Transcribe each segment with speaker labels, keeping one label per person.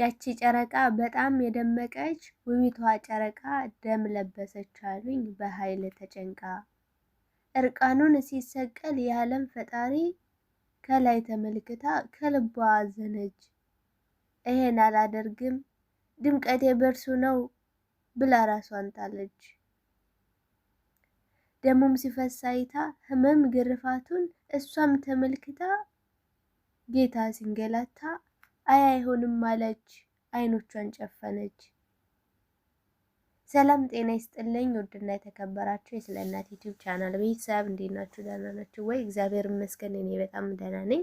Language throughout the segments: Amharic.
Speaker 1: ያቺ ጨረቃ በጣም የደመቀች ውቢቷ ጨረቃ ደም ለበሰች አሉኝ በኃይል ተጨንቃ። እርቃኑን ሲሰቀል የዓለም ፈጣሪ ከላይ ተመልክታ ከልቧ አዘነች። ይሄን አላደርግም ድምቀቴ በእርሱ ነው ብላ ራሷን ጣለች። ደሙም ሲፈሳይታ አይታ ህመም ግርፋቱን እሷም ተመልክታ ጌታ ሲንገላታ አይ አይሆንም አለች። አይኖቿን ጨፈነች። ሰላም ጤና ይስጥልኝ። ውድና የተከበራችሁ የስለ እናት ዩቲዩብ ቻናል ቤተሰብ እንዴት ናችሁ? ደህና ናችሁ ወይ? እግዚአብሔር ይመስገን እኔ በጣም ደህና ነኝ።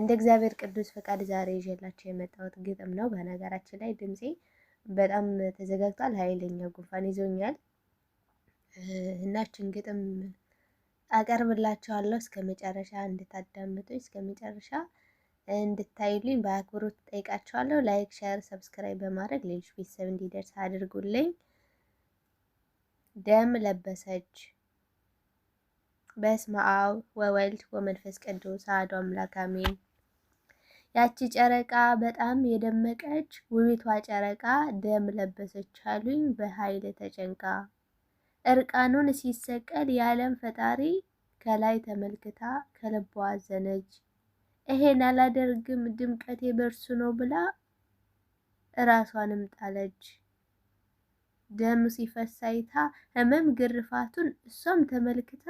Speaker 1: እንደ እግዚአብሔር ቅዱስ ፈቃድ ዛሬ ይዤላችሁ የመጣሁት ግጥም ነው። በነገራችን ላይ ድምፄ በጣም ተዘጋግቷል። ኃይለኛ ጉንፋን ይዞኛል እናችን ግጥም አቀርብላችኋለሁ። እስከ መጨረሻ እንድታዳምጡ እስከ መጨረሻ እንድታዩልኝ በአክብሮት ጠይቃችኋለሁ። ላይክ፣ ሸር ሰብስክራይብ በማድረግ ሌሎች ቤተሰብ እንዲደርስ አድርጉልኝ። ደም ለበሰች። በስመ አብ ወወልድ ወመንፈስ ቅዱስ አሐዱ አምላክ አሜን። ያቺ ጨረቃ በጣም የደመቀች ውቢቷ ጨረቃ ደም ለበሰች አሉኝ በኃይል ተጨንቃ እርቃኑን ሲሰቀል የዓለም ፈጣሪ ከላይ ተመልክታ ከልቧ አዘነች። ይሄን አላደርግም ድምቀቴ በእርሱ ነው ብላ እራሷንም ጣለች። ደም ሲፈስ አይታ ህመም ግርፋቱን እሷም ተመልክታ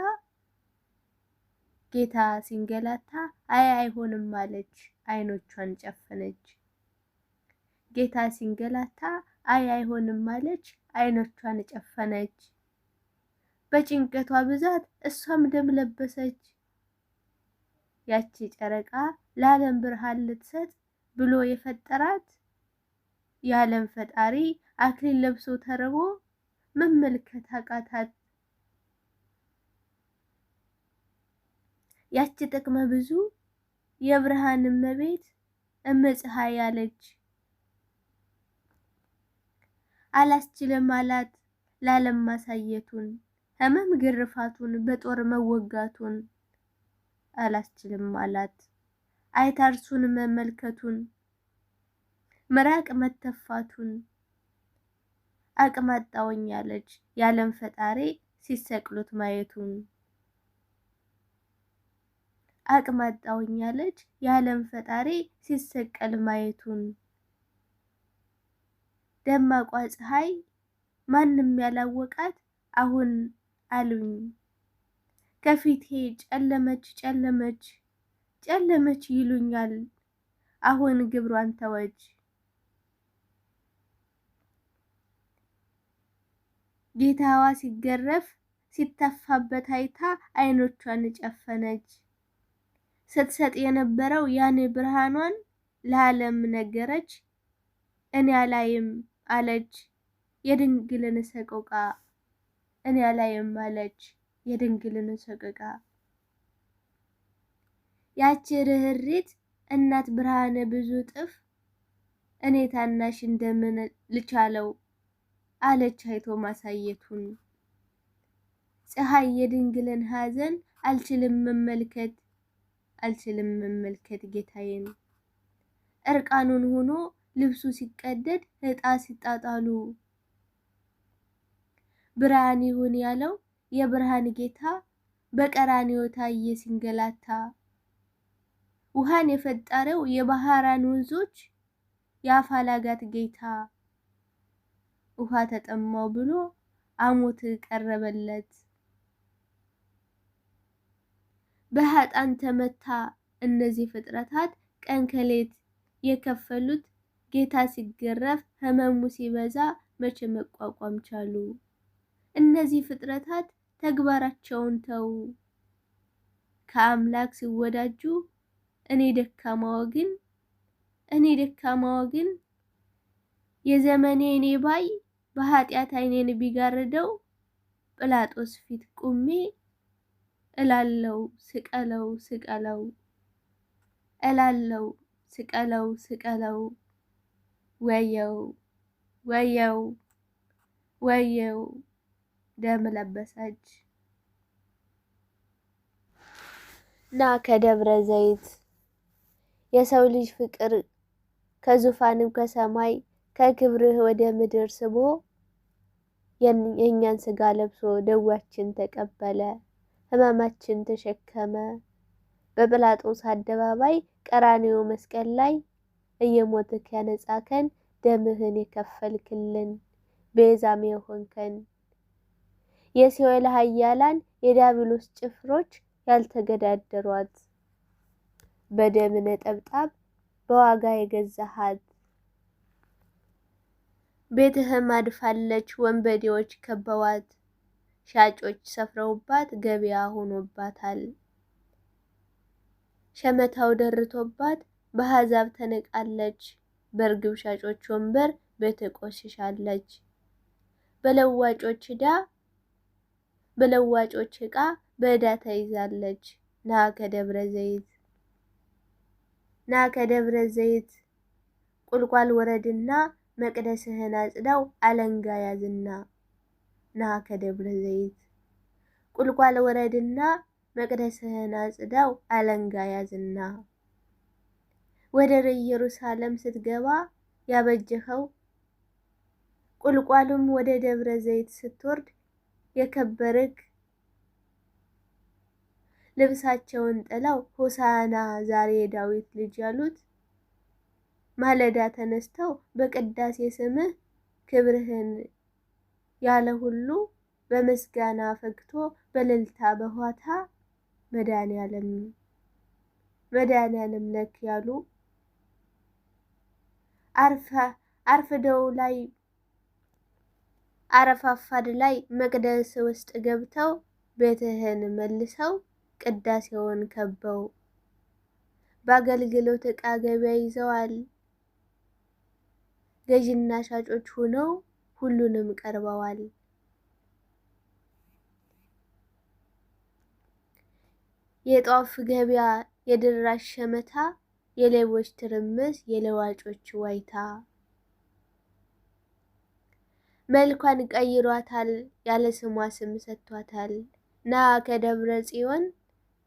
Speaker 1: ጌታ ሲንገላታ አይ አይሆንም አለች። አይኖቿን ጨፈነች። ጌታ ሲንገላታ አይ አይሆንም አለች። አይኖቿን ጨፈነች። በጭንቀቷ ብዛት እሷም ደም ለበሰች። ያቺ ጨረቃ ለዓለም ብርሃን ልትሰጥ ብሎ የፈጠራት የዓለም ፈጣሪ አክሊል ለብሶ ተርቦ መመልከት አቃታት። ያቺ ጥቅመ ብዙ የብርሃን እመቤት እመፀሐይ አለች። አላስችልም አላት ለዓለም ማሳየቱን ህመም ግርፋቱን በጦር መወጋቱን አላስችልም አላት። አይታርሱን መመልከቱን ምራቅ መተፋቱን አቅማጣውኝ አለች ያለም ፈጣሪ ሲሰቅሉት ማየቱን አቅማጣውኝ አለች ያለም ፈጣሪ ሲሰቀል ማየቱን ደማቋ ፀሐይ ማንም ያላወቃት አሁን አሉኝ ከፊቴ ጨለመች ጨለመች ጨለመች ይሉኛል አሁን ግብሯን ተወጅ ጌታዋ ሲገረፍ ሲተፋበት አይታ አይኖቿን ጨፈነች። ስትሰጥ የነበረው ያኔ ብርሃኗን ለዓለም ነገረች። እኔ አላይም አለች የድንግልን ሰቆቃ እኔ አላይም አለች። የድንግልን ሰቀቃ ያቺ ርህሪት እናት ብርሃነ ብዙ ጥፍ እኔ ታናሽ እንደምን ልቻለው አለች አይቶ ማሳየቱን ፀሐይ የድንግልን ሐዘን አልችልም መመልከት አልችልም መመልከት ጌታዬን እርቃኑን ሆኖ ልብሱ ሲቀደድ ዕጣ ሲጣጣሉ ብርሃን ይሁን ያለው የብርሃን ጌታ በቀራንዮ ታየ ሲንገላታ ውሃን የፈጠረው የባህራን ወንዞች የአፋላጋት ጌታ ውሃ ተጠማው ብሎ አሞት ቀረበለት። በሀጣን ተመታ እነዚህ ፍጥረታት ቀን ከሌት የከፈሉት ጌታ ሲገረፍ ህመሙ ሲበዛ መቼ መቋቋም ቻሉ እነዚህ ፍጥረታት? ተግባራቸውን ተው። ከአምላክ ሲወዳጁ እኔ ደካማዋ ግን እኔ ደካማዋ ግን የዘመኔ እኔ ባይ በኃጢአት አይኔን ቢጋርደው ጲላጦስ ፊት ቁሜ እላለው ስቀለው ስቀለው እላለው ስቀለው ስቀለው ወየው ወየው ወየው ደም ለበሰች ና ከደብረ ዘይት የሰው ልጅ ፍቅር ከዙፋንም ከሰማይ ከክብርህ ወደ ምድር ስቦ የእኛን ስጋ ለብሶ ደዋችን ተቀበለ፣ ህመማችን ተሸከመ። በጵላጦስ አደባባይ ቀራንዮ መስቀል ላይ እየሞትክ ያነጻከን፣ ደምህን የከፈልክልን፣ ቤዛም የሆንከን የሲኦል ኃያላን የዲያብሎስ ጭፍሮች ያልተገዳደሯት በደም ነጠብጣብ በዋጋ የገዛሃት ቤትህም አድፋለች፣ ወንበዴዎች ከበዋት፣ ሻጮች ሰፍረውባት ገበያ ሆኖባታል። ሸመታው ደርቶባት በአሕዛብ ተነቃለች፣ በርግብ ሻጮች ወንበር ቤት ቆሽሻለች። በለዋጮች ዕዳ በለዋጮች ዕቃ በዕዳ ተይዛለች። ና ከደብረ ዘይት ና ከደብረ ዘይት ቁልቋል ወረድና መቅደስህን አጽዳው አለንጋ ያዝና ና ከደብረ ዘይት ቁልቋል ወረድና መቅደስህን አጽዳው አለንጋ ያዝና ወደ ኢየሩሳሌም ስትገባ ያበጀኸው ቁልቋሉም ወደ ደብረ ዘይት ስትወርድ የከበርክ ልብሳቸውን ጥለው ሆሳና ዛሬ የዳዊት ልጅ ያሉት ማለዳ ተነስተው በቅዳሴ ስምህ ክብርህን ያለ ሁሉ በምስጋና ፈግቶ በእልልታ በኋታ መድኃኔዓለም መድኃኔዓለም ነክ ያሉ አርፈ አርፍደው ላይ አረፋፋድ ላይ መቅደስ ውስጥ ገብተው ቤትህን መልሰው ቅዳሴውን ከበው በአገልግሎት ዕቃ ገበያ ይዘዋል። ገዥና ሻጮች ሆነው ሁሉንም ቀርበዋል። የጧፍ ገበያ የድራሽ ሸመታ፣ የሌቦች ትርምስ፣ የለዋጮች ዋይታ መልኳን ቀይሯታል፣ ያለ ስሟ ስም ሰጥቷታል። ና ከደብረ ጽዮን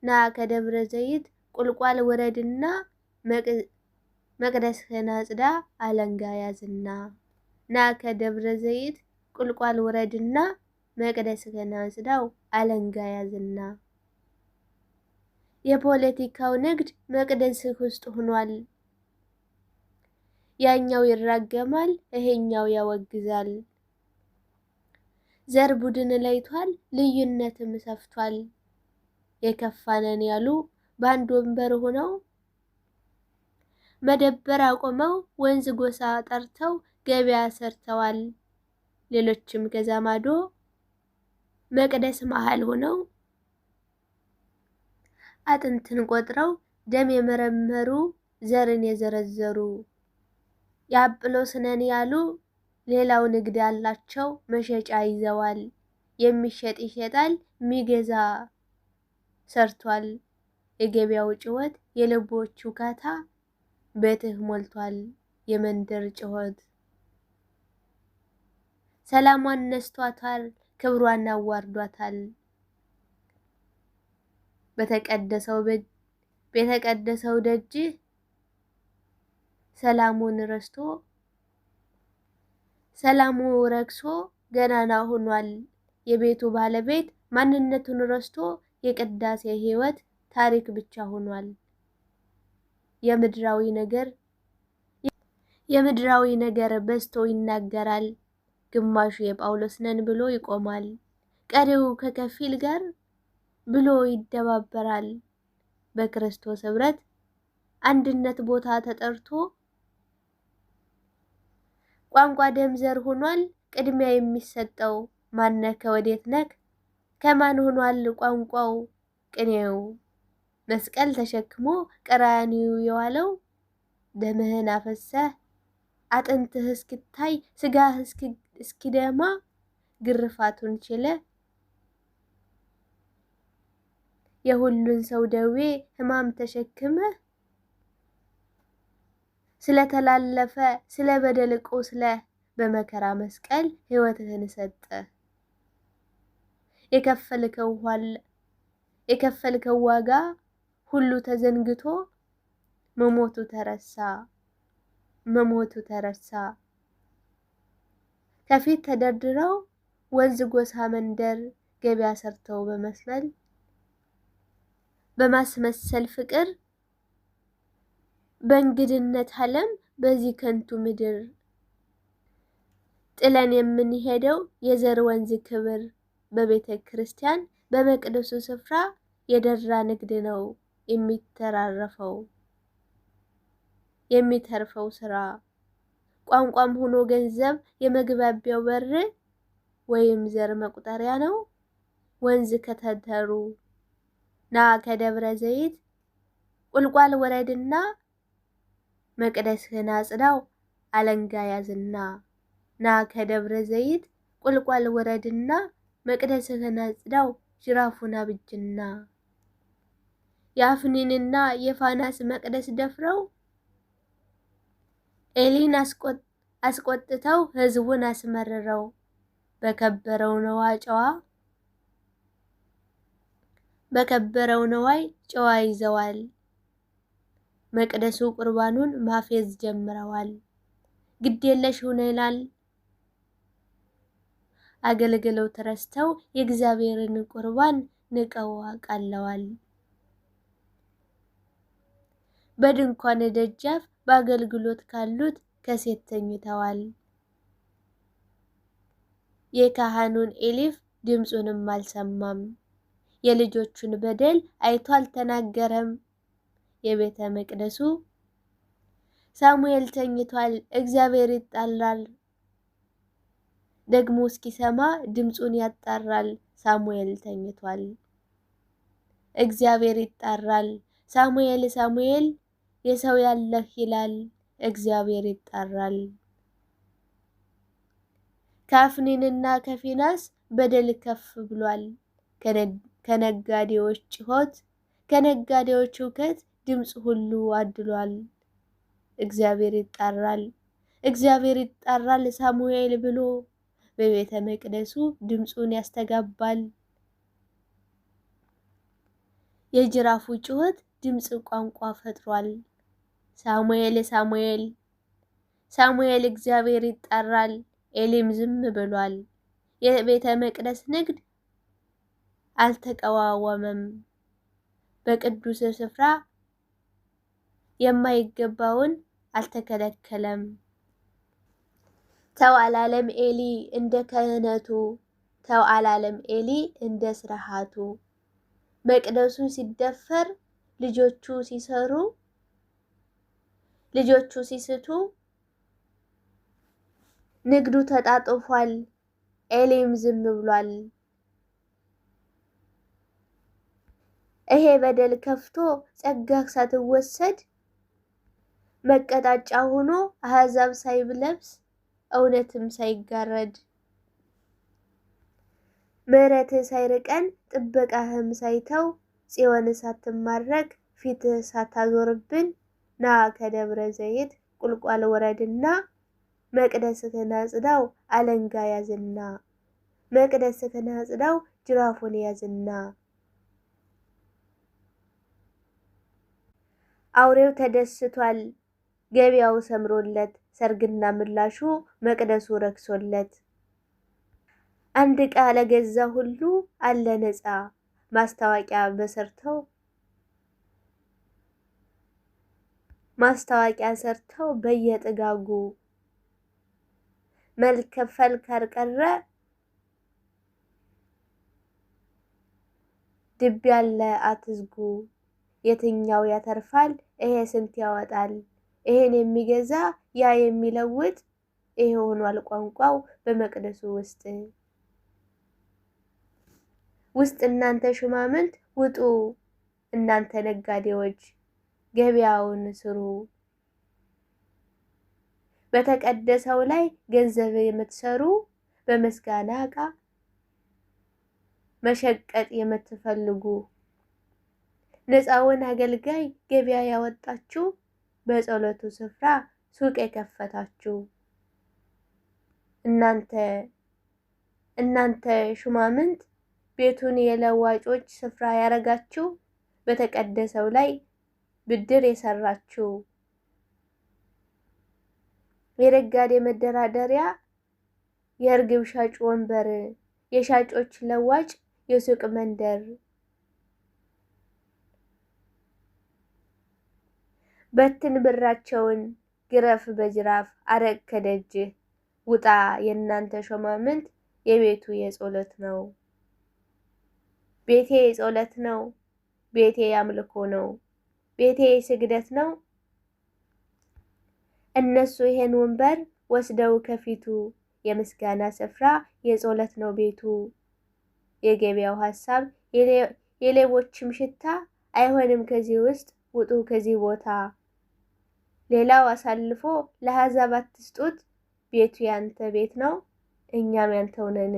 Speaker 1: ና ከደብረ ዘይት ቁልቋል ውረድና መቅደስህን አጽዳ አለንጋ ያዝና። ና ከደብረ ዘይት ቁልቋል ውረድና መቅደስህን አጽዳው አለንጋ ያዝና። የፖለቲካው ንግድ መቅደስህ ውስጥ ሆኗል። ያኛው ይራገማል፣ ይሄኛው ያወግዛል። ዘር ቡድን ለይቷል፣ ልዩነትም ሰፍቷል። የከፋነን ያሉ በአንድ ወንበር ሆነው መደብር አቆመው፣ ወንዝ ጎሳ ጠርተው ገበያ ሰርተዋል። ሌሎችም ከዛ ማዶ መቅደስ መሃል ሆነው አጥንትን ቆጥረው ደም የመረመሩ ዘርን የዘረዘሩ የአጵሎስ ነን ያሉ ሌላው ንግድ ያላቸው መሸጫ ይዘዋል። የሚሸጥ ይሸጣል፣ የሚገዛ ሰርቷል። የገበያው ጭወት የልቦቹ ካታ ቤትህ ሞልቷል። የመንደር ጭወት ሰላሟን ነስቷታል፣ ክብሯን አዋርዷታል። በተቀደሰው ቤተቀደሰው ደጅህ ሰላሙን ረስቶ ሰላሙ ረግሶ ገናና ሆኗል። የቤቱ ባለቤት ማንነቱን ረስቶ የቅዳሴ ሕይወት ታሪክ ብቻ ሆኗል። የምድራዊ ነገር የምድራዊ ነገር በዝቶ ይናገራል። ግማሹ የጳውሎስ ነን ብሎ ይቆማል። ቀሪው ከከፊል ጋር ብሎ ይደባበራል። በክርስቶስ ኅብረት አንድነት ቦታ ተጠርቶ ቋንቋ ደም ዘር ሆኗል። ቅድሚያ የሚሰጠው ማነከ ወዴት ነክ ከማን ሆኗል ቋንቋው ቅኔው መስቀል ተሸክሞ ቀራኒው የዋለው ደምህን አፈሰህ አጥንትህ እስክታይ ስጋህ እስኪደማ ግርፋቱን ችለ የሁሉን ሰው ደዌ ህማም ተሸክመህ ስለተላለፈ ስለ በደል ቆስለ በመከራ መስቀል ህይወትህን ሰጠ። የከፈልከው ዋጋ ሁሉ ተዘንግቶ መሞቱ ተረሳ መሞቱ ተረሳ። ከፊት ተደርድረው ወንዝ፣ ጎሳ፣ መንደር ገበያ ሰርተው በመስመል በማስመሰል ፍቅር በእንግድነት ዓለም በዚህ ከንቱ ምድር ጥለን የምንሄደው የዘር ወንዝ ክብር በቤተ ክርስቲያን በመቅደሱ ስፍራ የደራ ንግድ ነው የሚተራረፈው የሚተርፈው ስራ ቋንቋም ሆኖ ገንዘብ የመግባቢያው በር ወይም ዘር መቁጠሪያ ነው። ወንዝ ከተተሩ ና ከደብረ ዘይት ቁልቋል ወረድና መቅደስህን አጽዳው አለንጋ ያዝና ና ከደብረ ዘይት ቁልቋል ወረድና መቅደስህን አጽዳው ጅራፉን አብጅና የአፍኒንና የፋናስ መቅደስ ደፍረው ኤሊን አስቆጥተው ህዝቡን አስመርረው በከበረው ነዋ ጨዋ በከበረው ነዋይ ጨዋ ይዘዋል። መቅደሱ ቁርባኑን ማፌዝ ጀምረዋል። ግዴለሽ ሆነ ይላል። አገልግለው ተረስተው የእግዚአብሔርን ቁርባን ንቀው አቃለዋል። በድንኳን ደጃፍ በአገልግሎት ካሉት ከሴት ተኝተዋል። የካህኑን ኤሊፍ ድምፁንም አልሰማም። የልጆቹን በደል አይቶ አልተናገረም። የቤተ መቅደሱ ሳሙኤል ተኝቷል፣ እግዚአብሔር ይጣራል፣ ደግሞ እስኪሰማ ድምፁን ያጣራል። ሳሙኤል ተኝቷል፣ እግዚአብሔር ይጣራል። ሳሙኤል ሳሙኤል የሰው ያለህ ይላል፣ እግዚአብሔር ይጣራል። ከአፍኒንና ከፊናስ በደል ከፍ ብሏል፣ ከነጋዴዎች ጭሆት ከነጋዴዎች እውከት ድምፅ ሁሉ አድሏል። እግዚአብሔር ይጣራል፣ እግዚአብሔር ይጣራል ሳሙኤል ብሎ በቤተ መቅደሱ ድምፁን ያስተጋባል። የጅራፉ ጩኸት ድምፅ ቋንቋ ፈጥሯል። ሳሙኤል ሳሙኤል ሳሙኤል እግዚአብሔር ይጣራል። ኤሊም ዝም ብሏል። የቤተ መቅደስ ንግድ አልተቀዋወመም። በቅዱስ ስፍራ የማይገባውን አልተከለከለም። ተው አላለም ኤሊ እንደ ክህነቱ፣ ተው አላለም ኤሊ እንደ ስርዓቱ። መቅደሱ ሲደፈር ልጆቹ ሲሰሩ ልጆቹ ሲስቱ ንግዱ ተጣጥፏል፣ ኤሊም ዝም ብሏል። ይሄ በደል ከፍቶ ጸጋ ሳትወሰድ መቀጣጫ ሆኖ አሕዛብ ሳይብለብስ እውነትም ሳይጋረድ ምሕረትህ ሳይርቀን ጥበቃህም ሳይተው ጽዮን ሳትማረክ ፊትህ ሳታዞርብን ና ከደብረ ዘይት ቁልቋል ወረድና መቅደስህን አጽዳው አለንጋ ያዝና መቅደስህን አጽዳው ጅራፉን ያዝና አውሬው ተደስቷል። ገበያው ሰምሮለት ሰርግና ምላሹ መቅደሱ ረክሶለት አንድ ዕቃ ለገዛ ሁሉ አለ ነፃ ማስታወቂያ በሰርተው ማስታወቂያ ሰርተው በየጥጋጉ መልከፈል ካልቀረ ድብ ያለ አትዝጉ። የትኛው ያተርፋል? ይሄ ስንት ያወጣል? ይሄን የሚገዛ ያ የሚለውጥ ይሄ ሆኗል ቋንቋው በመቅደሱ ውስጥ ውስጥ እናንተ ሹማምንት ውጡ፣ እናንተ ነጋዴዎች ገበያውን ስሩ። በተቀደሰው ላይ ገንዘብ የምትሰሩ በምስጋና ዕቃ መሸቀጥ የምትፈልጉ ነፃውን አገልጋይ ገበያ ያወጣችሁ በጸሎቱ ስፍራ ሱቅ የከፈታችሁ እናንተ እናንተ ሹማምንት ቤቱን የለዋጮች ስፍራ ያረጋችሁ በተቀደሰው ላይ ብድር የሰራችሁ የረጋዴ መደራደሪያ የእርግብ ሻጭ ወንበር የሻጮች ለዋጭ የሱቅ መንደር በትን ብራቸውን ግረፍ በጅራፍ አረቅ ከደጅህ ውጣ የእናንተ ሾማምንት የቤቱ የጸሎት ነው። ቤቴ የጸሎት ነው። ቤቴ ያምልኮ ነው። ቤቴ የስግደት ነው። እነሱ ይሄን ወንበር ወስደው ከፊቱ የምስጋና ስፍራ የጸሎት ነው ቤቱ። የገበያው ሀሳብ የሌቦችም ሽታ አይሆንም ከዚህ ውስጥ ውጡ ከዚህ ቦታ ሌላው አሳልፎ ለአሕዛብ አትስጡት፣ ቤቱ ያንተ ቤት ነው፣ እኛም ያንተው ነን።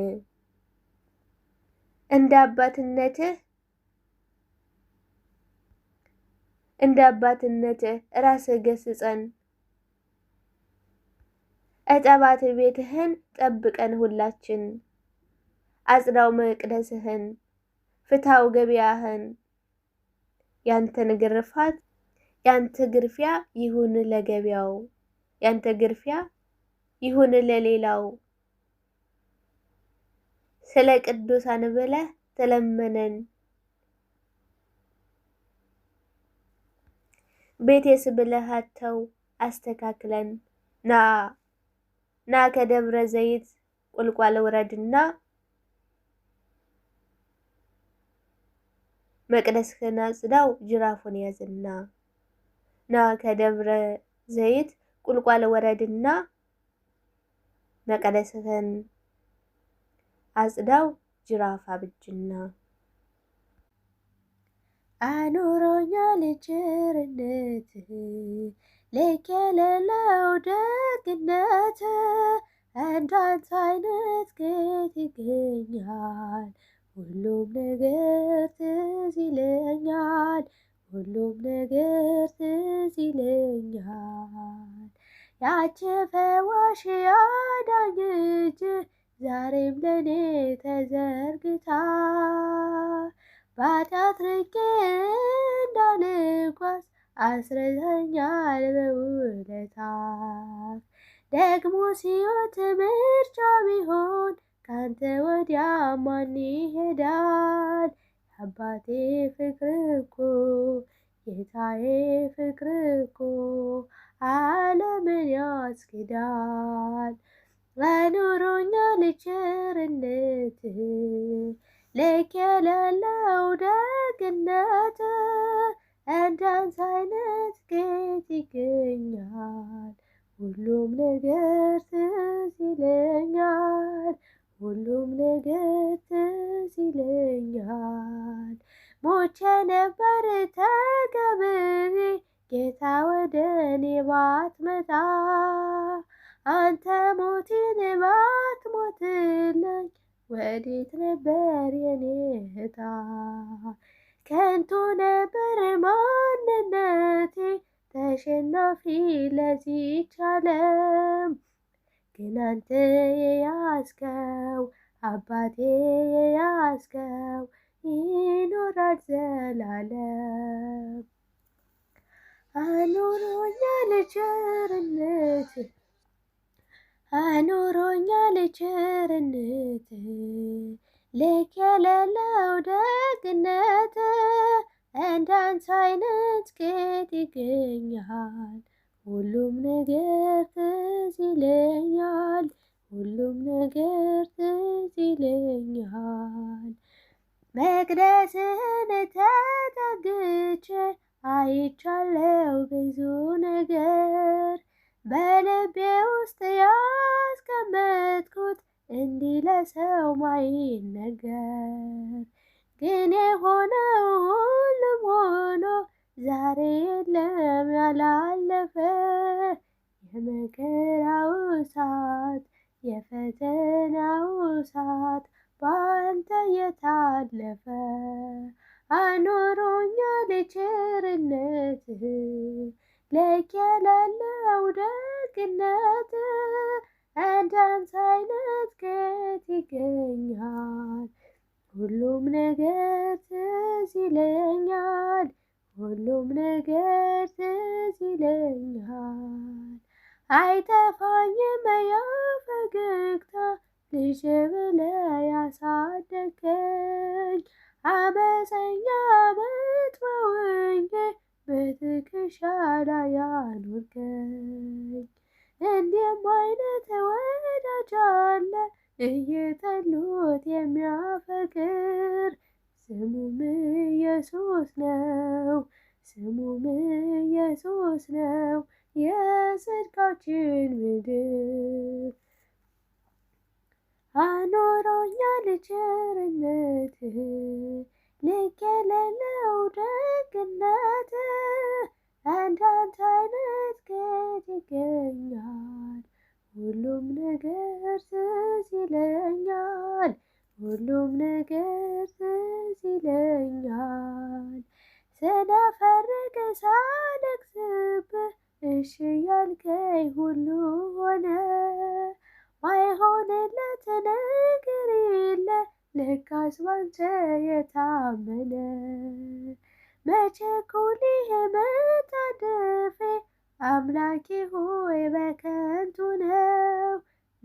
Speaker 1: እንደ አባትነትህ እንደ አባትነትህ ራስህ ገስጸን፣ እጠባት ቤትህን ጠብቀን ሁላችን፣ አጽዳው መቅደስህን፣ ፍታው ገበያህን ያንተን ግርፋት ያንተ ግርፊያ ይሁን ለገበያው፣ ያንተ ግርፊያ ይሁን ለሌላው። ስለ ቅዱሳን ብለህ ተለመነን። ቤቴስ ብለህ አተው አስተካክለን። ና ና ከደብረ ዘይት ቁልቋል ውረድና መቅደስህን አጽዳው ጅራፉን ያዝና ና ከደብረ ዘይት ቁልቋል ወረድና መቀለሰተን አጽዳው ጅራፍ አብጅና
Speaker 2: አኑሮኛ ልጅርነት ልክ ደግነት እንዳንተ አይነት ይገኛል? ሁሉም ነገር ትዝ ይለኛል። ሁሉም ነገር ትዝ ይለኛል። ያቺ ፈዋሽ ያዳኝ እጅ ዛሬም ለኔ ተዘርግታ ባታት ርቄ እንዳልጓዝ አስረዘኛል በውለታት ደግሞ ሲወት ምርጫ ቢሆን ካንተ ወዲያ ማን ይሄዳል? አባቴ ፍቅር እኮ ጌታዬ ፍቅር እኮ ዓለምን ያስክዳል። ለኑሮኛል ልቸርነት ልክ የሌለው ደግነት እንዳንተ አይነት ጌት ይገኛል። ሁሉም ነገር ትዝ ይለኛል። ሁሉም ነገር ትዝ ይለኛል። ሞቼ ነበር ተገብሬ ጌታ ወደ እኔ ባትመጣ አንተ ሞቴን ባትሞትልኝ ወዴት ነበር የኔ እጣ? ከንቱ ነበር ማንነቴ ተሸናፊ ለዚች ዓለም ግን አንተ የያዝከው አባቴ የያዝከው ይኖራል ዘላለም። አኖሮኛል ቸርነት አኖሮኛል ቸርነት ልክ የሌለው ደግነት እንዳንተ አይነት ከየት ይገኛል? ሁሉም ነገር ትዝ ይለኛል፣ ሁሉም ነገር ትዝ ይለኛል። መቅደስን ተጠግቼ አይቻለው ብዙ ነገር በልቤ ውስጥ ያስቀመጥኩት እንዲህ ለሰው ማይነገር ግን የሆነው ሁሉም ሆኖ ዛሬ የለም ያላለፈ የመከራው ሰዓት የፈተናው ሰዓት በአንተ የታለፈ አኖሮኛ ቸርነትህ ለክ ያላለው ደግነት እንዳንተ አይነት ከየት ይገኛል? ሁሉም ነገር ትዝ ይለኛል። ሁሉም ነገር ትዝ ይለኛል። አይጠፋኝም ያ ፈገግታ ልጅ ብለህ ያሳደገኝ አመፀኛ ምትወውኝ በትከሻ ላይ ያኖርከኝ እንዲህም አይነት ወዳጅ አለ እየጠሉት የሚያፈቅር ስሙም ኢየሱስ ነው፣ ስሙም ኢየሱስ ነው የጽድቃችን ምድር። አኖሮኛል ቸርነትህ ልክ የሌለው ደግነትህ እንዳንተ አይነት ግን ይገኛል። ሁሉም ነገር ትዝ ይለኛል ሁሉም ነገር ትዝ ይለኛል። ስለፈረቀ ሳለቅስብህ እሺ ያልከኝ ሁሉ ሆነ። ማይሆንለት ነገር የለ ልካስ ባንተ የታመነ መቼ ኩል መጣደፌ አምላኬ ሆይ በከንቱ ነው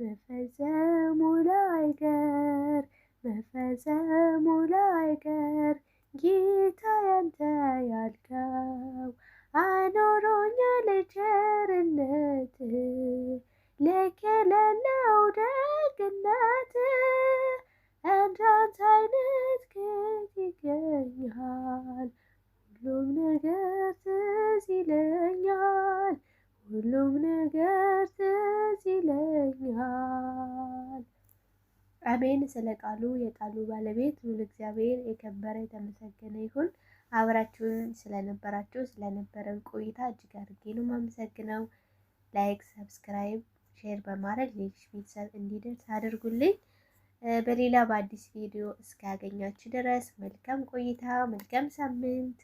Speaker 2: መፈጸሙ ላይቀር መፈጸሙ ላይቀር ጌታ ያንተ ያልከው አኖሮኛል ቸርነት ለከለለው ደግነት እንዳንተ አይነት ግን ይገኛል። ሁሉም ነገር ትዝ ይለኛል። ሁሉም ነገር ትዝ ይለኛል።
Speaker 1: አሜን። ስለ ቃሉ የቃሉ ባለቤት ሁሉ እግዚአብሔር የከበረ የተመሰገነ ይሁን። አብራችሁን ስለነበራችሁ ስለነበረን ቆይታ እጅግ አድርጌ ነው የማመሰግነው። ላይክ፣ ሰብስክራይብ፣ ሼር በማድረግ ሌሎች ቤተሰብ እንዲደርስ አድርጉልኝ። በሌላ በአዲስ ቪዲዮ እስካገኛችሁ ድረስ መልካም ቆይታ፣ መልካም ሳምንት